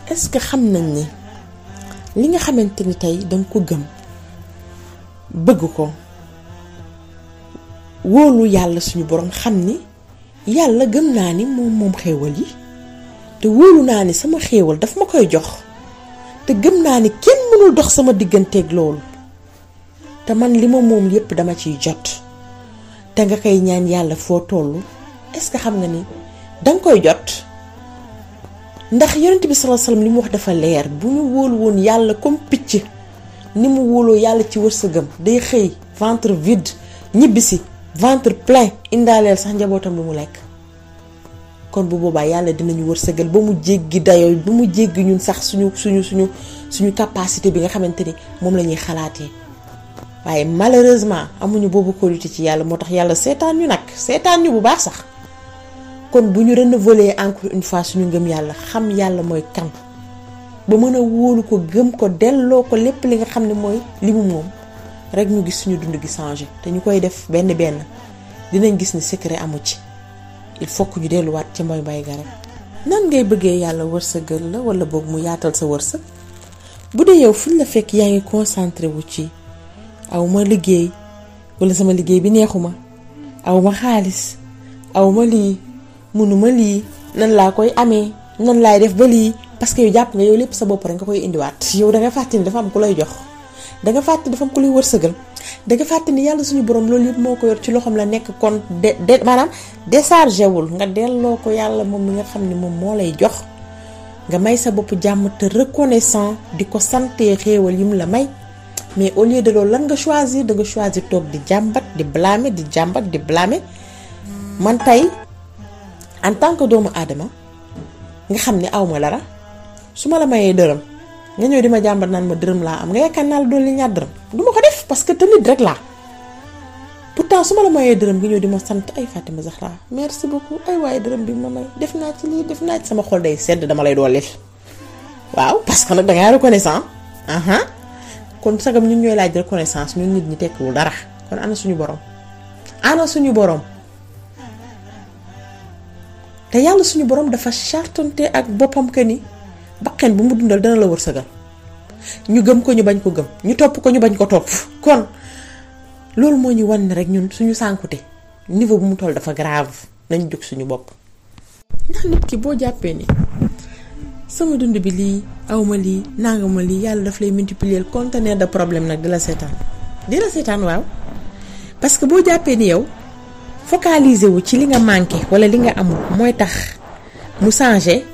A: est-ce que xam nañ ni li nga xamante ni tey danga ko gëm bëgg ko wóolu yàlla suñu borom xam ni yàlla gëm naa ni moom moom xéewal yi te wóolu naa ni sama xéewal dafa ma koy jox te gëm naa ni kenn mënul dox sama digganteeg loolu te man li ma moom yépp dama ciy jot te nga koy ñaan yàlla foo tollu est-ce que xam nga ni danga koy jot ndax yonent bi sallallahu li mu wax dafa leer bu ñu wóol woon yàlla comme picc ni mu wóoloo yàlla ci wërsëgam day xëy ventre vide ñibbisi ventre plein indaaleel sax njabootam lu mu lekk kon bu boobaa yàlla dinañu wërsëgal ba mu jéggi dayoo ba mu jéggi ñun sax suñu suñu suñu suñu capacité bi nga xamante ni moom lañuy xalaatee waaye malheureusement amuñu boobu kóolute ci yàlla moo tax yàlla seetaan ñu nag seetaan ñu bu baax sax kon bu ñu renouveler encore une fois suñu ngëm yàlla xam yàlla mooy kan ba mën a wóolu ko gëm ko delloo ko lépp li nga xam ne mooy li mu moom rek ñu gis suñu dund gi changé te ñu koy def benn benn dinañ gis ni secret amu ci il faut que ñu delluwaat ci mooy bay ga nan ngay bëggee yàlla wërsëgal la wala boog mu yaatal sa wërsëg bu dee yow fuñ la yaa ngi concentré wu ci aw ma liggéey wala sama liggéey bi neexuma aw ma xaalis aw ma lii munuma lii nan laa koy amee nan laay def ba lii parce que yow jàpp nga yow lépp sa bopp rek nga koy indiwaat. yow da nga ni dafa am ku lay jox danga nga fàtte dafa am ku lay wërsëgal da nga fàtte ni yàlla suñu borom loolu yëpp moo ko yor ci loxoom la nekk kon de de maanaam déchargé wul nga delloo ko yàlla moom mi nga xam ne moom moo lay jox nga may sa bopp jàmm te reconnaissant di ko sante xéewal yi mu la may. mais au lieu de loolu lan nga choisir da nga choisir toog di jàmbat di blâmer di jàmbat di blâmer man tey en tant que doomu aadama nga xam ni aw ma dara su ma la mayee dërëm nga ñëw di ma jàmbat naan ma dërëm laa am nga yaakaar naa la doon li ñaar dërëm du ma ko def parce que te nit rek laa pourtant su ma la mayee dërëm nga ñëw di ma sant ay sax Zahra merci beaucoup ay waaye dërëm bi ma may def naa ci lii def naa ci sama xol day sedd dama lay dooleel waaw parce que kon sagam ñun ñooy laaj reconnaissance ñun nit ñi tekkiwul dara kon ana suñu borom ana suñu boroom te yàlla suñu borom dafa chartante ak boppam que ni baqen bu mu dundal dana la wër sagal ñu gëm ko ñu bañ ko gëm ñu topp ko ñu bañ ko topp kon loolu moo ñu wan ne rek ñun suñu sànkute niveau bu mu toll dafa grave nañ jóg suñu bopp ndax nit ki boo jàppee nii sama dund bi lii awma lii nangama lii yàlla daf lay multiplier conteneur de problème nag di la seetaan di la seetaan waaw parce que boo jàppee ni yow focaliser wu ci li nga manqué wala li nga amul mooy tax mu changé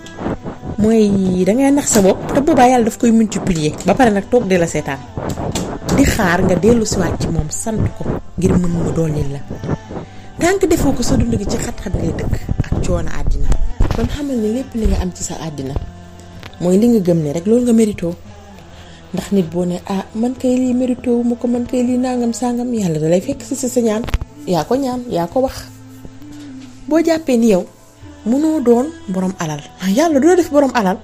A: mooy da ngay nax sa bopp te boobaa yàlla daf koy multiplier ba pare nag toog de la seetaan di xaar nga dellu siwaat ci moom sant ko ngir mën mu dooleel la tant que defoo ko sa dund gi ci xat-xat ngay dëkk ak coono àddina kon xamal ni lépp li nga am ci sa àddina mooy li nga gëm ne rek loolu nga mérito ndax nit boo ne ah man kay lii mérito wu ko man kay lii nangam sangam yàlla da dalay fekk si sa ñaan yaa ko ñaan yaa ko wax boo jàppee ni yow mënoo doon borom alal yàlla du def borom alal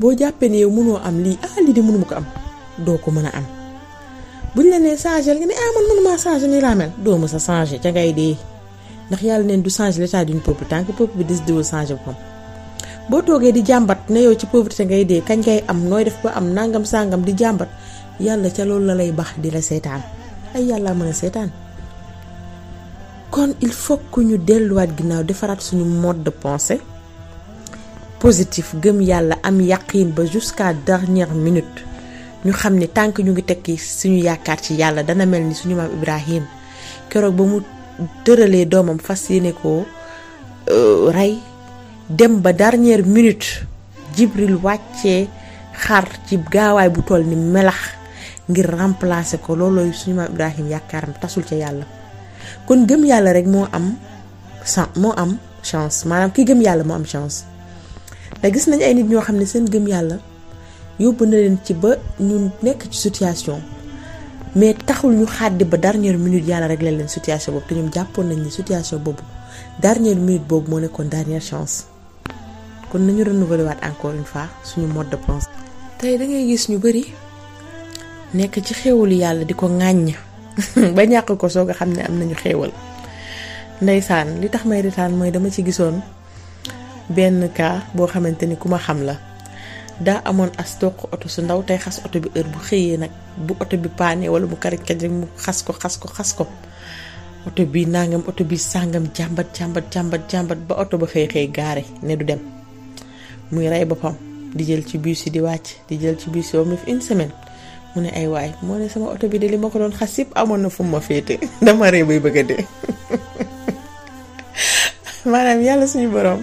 A: boo jàppee ni yow mënoo am lii ah lii de mënuma ko am doo ko mën a am buñ la nee changé nga ne ah man mënumaa changé ni laa mel sa changé ca ngay dee ndax yàlla neen du changé l'état d'une peuple tant bi décidé wul changé boppam boo toogee di jàmbat ne yow ci pauvreté ngay dee kañ ngay am nooy def ba am nangam sàngam di jàmbat yàlla ca loolu la lay bax di la seetaan ay yàlla mën a seetaan kon il faut que ñu delluwaat ginnaaw defaraat suñu mode de pensée positif gëm yàlla am yàqiin ba jusqu'à dernière minute ñu xam ni tànk ñu ngi tekki suñu yaakaar ci yàlla dana mel ni suñu maam Ibrahim keroog ba mu tëralee doomam fas yéene ko euh, rey dem ba dernière minute Jibril wàccee xar ci gaawaay bu toll ni melax ngir remplacer ko loolooy suñu maam Ibrahim yaakaaram tasul ca yàlla kon gëm yàlla rek moo am san moo am chance maanaam ki gëm yàlla moo am chance te gis nañ ay nit ñoo xam ne seen gëm yàlla yóbbu na leen ci ba ñu nekk ci situation mais taxul ñu xàddi ba dernière minute yàlla rek leen leen situation boobu te ñoom jàppoon nañ ni situation boobu dernière minute boobu moo nekkoon dernière chance kon nañu renouveler waat encore une fois suñu mode de tey da gis ñu bari nekk ci xéewalu yàlla di ko ŋàññ ba ñàkk ko soog a xam ne am nañu xéewal ndeysaan li tax may retaan mooy dama ci gisoon benn cas boo xamante ni ku ma xam la daa amoon as toq oto su ndaw tey xas oto bi heure bu xëyee nag bu oto bi paane wala mu karaj karaj mu xas ko xas ko xas ko oto bi nangam oto bi sàngam jàmbat jàmbat jàmbat jàmbat ba oto ba fay xëy gaare ne du dem muy rey boppam di jël ci bus yi di wàcc di jël ci bus yi ba mu def une semaine mu ne ay waay moo ne sama oto bi de li ma ko doon xas yëpp amoon na fu mu ma féete dama rey bay bëgg a maanaam yàlla suñu borom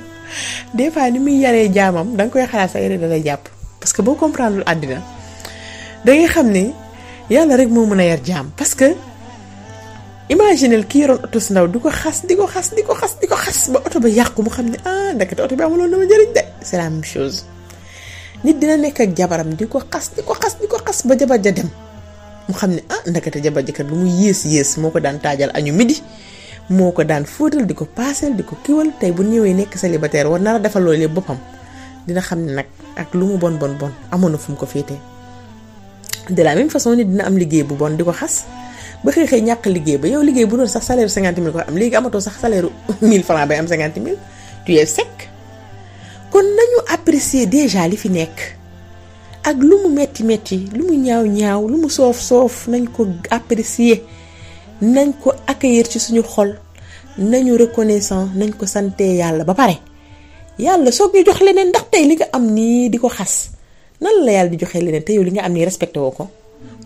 A: des fois ni muy yaree jaamam da koy xalaat sa yare da lay jàpp parce que boo comprendre lu àddina da xam ni yàlla rek moo mën a yar jaam parce imaginel ki yoroon oto su ndaw di ko xas di ko xas di ko xas di ko xas ba oto ba yàqu mu xam ne ah ndekete oto bi amuloon na ma de c'est la nit dina nekk ak jabaram di ko xas di ko xas ba jabar ja dem mu xam ne ah ndekete jabar ja kat lu mu yées yées moo ko daan taajal añu midi moo ko daan fóotal di ko paaseel di ko kiwal tey bu ñëwee nekk célibataire war nara defaloo loolu boppam dina xam ne nag ak lu mu bon bon bon amoon na fu mu ko féetee de la façon dina am liggéey bu bon di ko xas. ba xëy xëy ñàkk liggéey ba yow liggéey bu doon sax salaire cinquante mille ko am léegi amatoo sax salaire mille francs bay am cinquante mille tu es kon nañu apprécier déjà li fi nekk ak lu mu metti metti lu mu ñaaw ñaaw lu mu soof soof nañ ko apprécier nañ ko accueillir ci suñu xol nañu reconnaissant nañ ko sante yàlla ba pare yàlla soog ñu jox leneen ndax tey li nga am nii di ko xas nan la yàlla di joxe leneen te yow li nga am nii respecté woo ko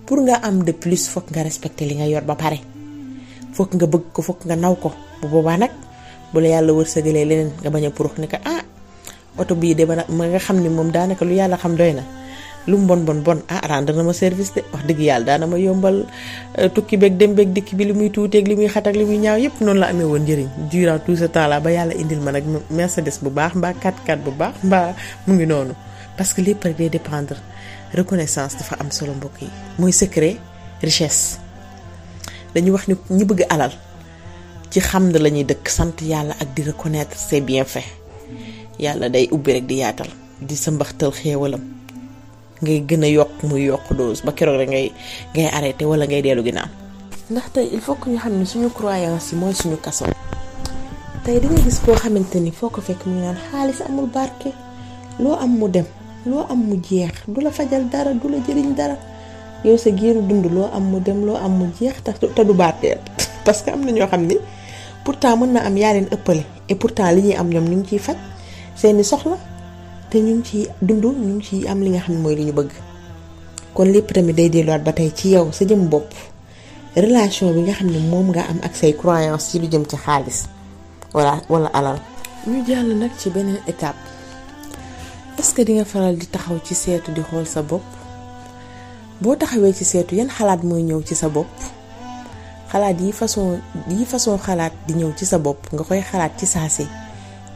A: pour nga am de plus foog nga respecter li nga yor ba pare foog nga bëgg ko fokk nga naw ko bu boobaa nag bu la yàlla wërsëgalee leneen nga bañ pour purux ne ko ah oto bii de ba ma nga xam ni moom daanaka lu yàlla xam doy na lu mu bon bon bon ah rendre na ma service de wax dëgg yàlla daana ma yombal euh, tukki beeg dem beeg dikk bi li muy tuuteeg li muy xat li muy ñaaw yépp noonu la amee woon njëriñ durant tout ce temps là ba yàlla indil ma nag Mercedes bu baax mbaa 4x4 bu baax mbaa mu ngi noonu parce que lépp rek reconnaissance dafa am solo mbokk yi mooy secret richesse dañu wax ni ñi bëgg alal ci xam ne la ñuy dëkk sant yàlla ak di reconnaître bien bienfaits yàlla day ubbi rek di yaatal di sa mbaxtal xéewalam ngay gën a yokk muy yokk dose ba keroog rek ngay ngay arrêté wala ngay dellu ginnaaw. ndaxte il faut que ñu xam ne suñu croyance yi mooy suñu kaso. tey dangay gis koo xamante ni foo ko fekk mu ngi xaalis amul barke loo am mu dem. loo am mu jeex du la fajal dara du la jëriñ dara yow sa giiru dund loo am mu dem loo am mu jeex te du bàtteel parce que am na ñoo xam ni pourtant mën na am yaa leen ëppale et pourtant li ñuy am ñoom ñu ngi ciy faj seeni soxla te ñu ngi ciy dund ñu ngi ciy am li nga xam ne mooy li ñu bëgg kon lépp tamit day delluwaat ba ci yow sa jëm bopp relation bi nga xam ne moom nga am ak say croyance ci lu jëm ci xaalis wala wala alal. ñu jàll nag ci beneen étape. est-ce que di nga faral di taxaw ci seetu di xool sa bopp boo taxawee ci seetu yan xalaat mooy ñëw ci sa bopp xalaat yi façon yi façon xalaat di ñëw ci sa bopp nga koy xalaat ci saa si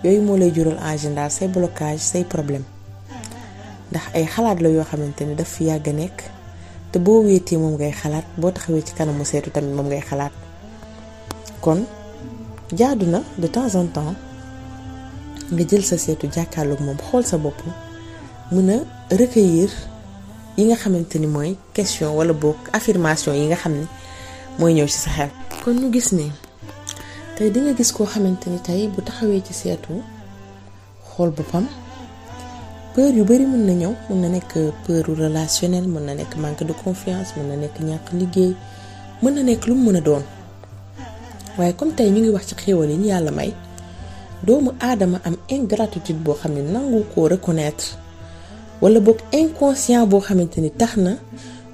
A: yooyu moo lay jural en général say blocage say problème ndax ay xalaat la yoo xamante ne daf fi yàgg a nekk te boo wéetee moom ngay xalaat boo taxawee ci kanamu seetu tamit moom ngay xalaat kon jaadu na de temps en temps nga jël sa seetu jàkkaarloog moom xool sa bopp mën a recueillir yi nga xamante ni mooy question wala boog affirmation yi nga xam ne mooy ñëw ci sa xel. kon mu gis ne tey dinga gis koo xamante ni tey bu taxawee ci seetu xool boppam peur yu bari mun na ñëw mun na nekk peuru relationnel mën na nekk manque de confiance mun na nekk ñàkk liggéey mën na nekk lu mu mën a doon waaye comme tey ñu ngi wax ci xéewal yi yàlla may. doomu aadama am ingratitude boo xam ne nangu koo reconnaître wala boog inconscient boo xamante ni tax na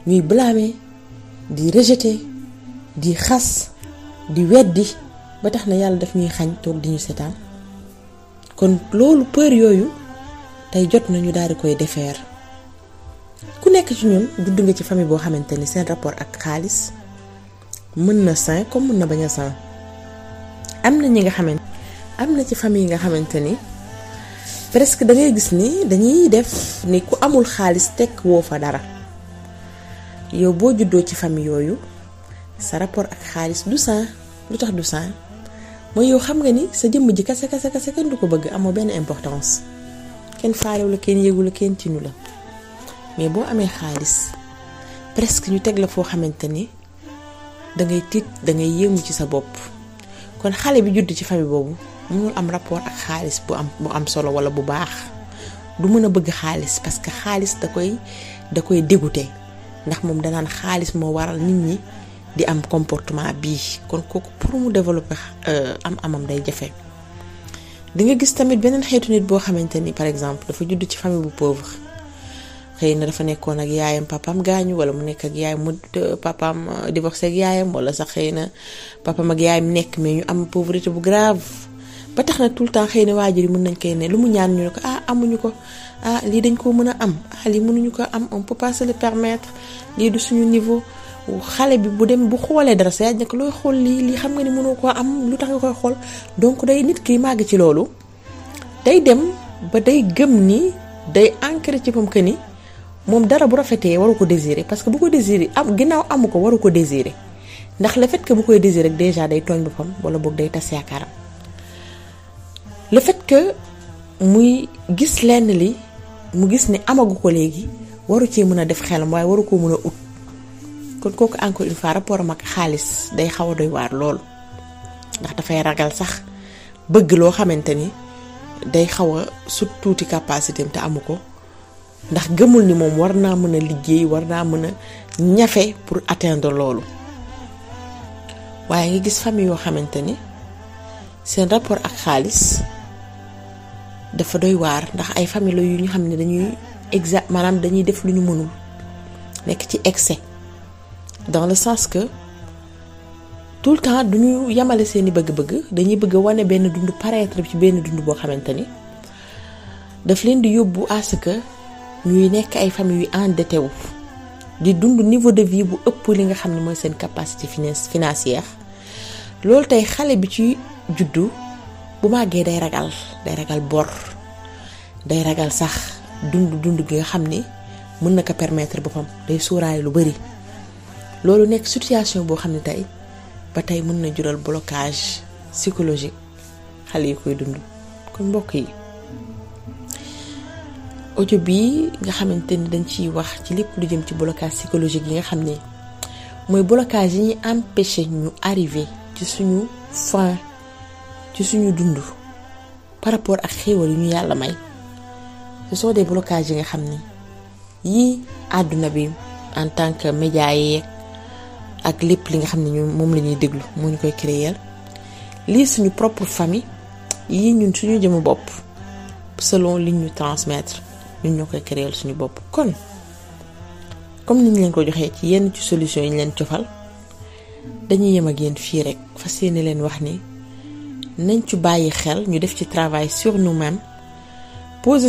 A: ñuy blâmer di rejeter di xas di weddi ba tax na yàlla daf ñuy xañ toog di ñu seetaan kon loolu peur yooyu tey jot nañu daal di koy defeer ku nekk ci ñun judd nga ci famille boo xamante ni seen rapport ak xaalis mën na sain comme mën na bañ a sain am na ñi nga xamante am na ci famille nga xamante ni presque dangay gis ni dañuy def ni ku amul xaalis tekk woo fa dara yow boo juddoo ci famille yooyu sa rapport ak xaalis du san lu tax du san mooy yow xam nga ni sa jëmm ji kase kase kase kenn du ko bëgg amoo benn importance kenn faalewu kenn yëgu kenn tinu la mais boo amee xaalis presque ñu teg la foo xamante ni dangay ngay tiit da yéemu ci sa bopp kon xale bi judd ci famille boobu. mënul am rapport ak xaalis bu am bu am solo wala bu baax du mën a bëgg xaalis parce que xaalis da koy da koy dégoûté ndax moom danaan xaalis moo waral nit ñi di am comportement bii kon kooku pour mu développer euh, am amam day jafe. di nga gis tamit beneen xeetu nit boo xamante ni par exemple dafa judd ci famille bu pauvre xëy na dafa nekkoon ak yaayam papaam gaañu wala mu nekk ak yaayam mu papaam euh, divorcé ak yaayam wala sax xëy na papaam ak mu nekk mais ñu am pauvreté bu grave. ba tax na tout le temps xëy na waajur yi mun nañ koy ne lu mu ñaan ñu ne ko ah amuñu ko ah lii dañ koo mën a am ah, lii mënuñu ko am on peut pas le permettre lii du suñu niveau xale bi bu dem bu xoolee dara sa yaay nag looy xool lii lii xam nga ni mënoo koo am lu tax nga koy xool donc day nit kii màgg ci loolu day dem ba day gëm nii day ancré ci moom que ni moom dara bu rafetee waru ko désirer parce que bu ko désirer am ginnaaw amu ko waru ko désirer ndax le fait que bu koy rek déjà day tooñ boppam wala boog day tas yaakaaram. le fait que muy gis lenn li mu gis ni amagu ko léegi waru cee mën a def xelam waaye waru ko mën a ut kon kooku encore une rapport am ak xaalis day xaw a doy waar loolu ndax dafay ragal sax bëgg loo xamante ni day xaw a sut tuuti capacité am te amu ko ndax gëmul ni moom war naa mën a liggéey war naa mën a ñafe pour atteindre loolu waaye nga gis famille yoo xamante ni seen rapport ak xaalis dafa doy waar ndax ay famille yu ñu xam ne dañuy exa maanaam dañuy def lu ñu mënul nekk ci excès dans le sens que tout le temps du ñu yamale seeni bëgg-bëgg dañuy bëgg wane benn dund paraître ci benn dund boo xamante ni daf leen di yóbbu à ce que ñuy nekk ay famille yu endetté wu di dund niveau de vie bu ëpp li nga xam ne mooy seen capacité financière loolu tey xale bi ci juddu. bu màggee day ragal day ragal bor day ragal sax dund dund gi nga xam ni mën na ko permettre boppam day suuraay lu bari loolu nekk situation boo xam ne tey ba tey mën na jural blocage psychologique xale yi koy dund kon mbokk yi audio bii nga xamante ni dañ ciy wax ci lépp lu jëm ci blocage psychologique yi nga xam ne mooy blocage yi ñuy empêcher ñu arrivé ci suñu fin ci suñu dund par rapport ak xéewal yu ñu yàlla may soo sont des yi nga xam ni yii àdduna bi en tant que média yeeg ak lépp li nga xam ne ñu moom lañuy déglu moo ñu koy créer lii suñu propre famille yii ñun suñu jëmu bopp selon li ñu transmettre ñun ñoo koy créer suñu bopp kon comme ni ñu leen ko joxee ci yenn ci solution yi ñu leen cofal dañuy yem a yéen fii rek fas yéene leen wax ni nañ ci bàyyi xel ñu def ci travail sur nous-mêmes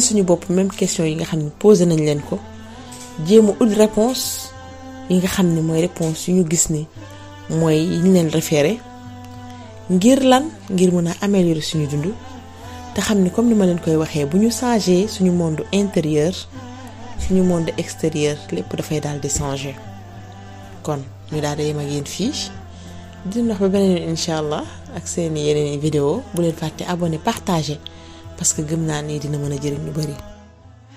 A: suñu bopp même question yi nga xam ni posé nañ leen ko jéem a ut réponse yi nga xam ni mooy réponse yu ñu gis ni mooy yi ñu leen référé ngir lan ngir mën a améliorer suñu dund te xam ni comme ni ma leen koy waxee bu ñu changé suñu monde intérieur suñu monde extérieur lépp dafay daal di changé kon ñu daal di yem ak yéen fii di wax ba beneen yoon allah. ak seeni yeneen i vidéo bu leen fàtte abonné partager parce que gëm naa ni dina mën a jëriñ lu bari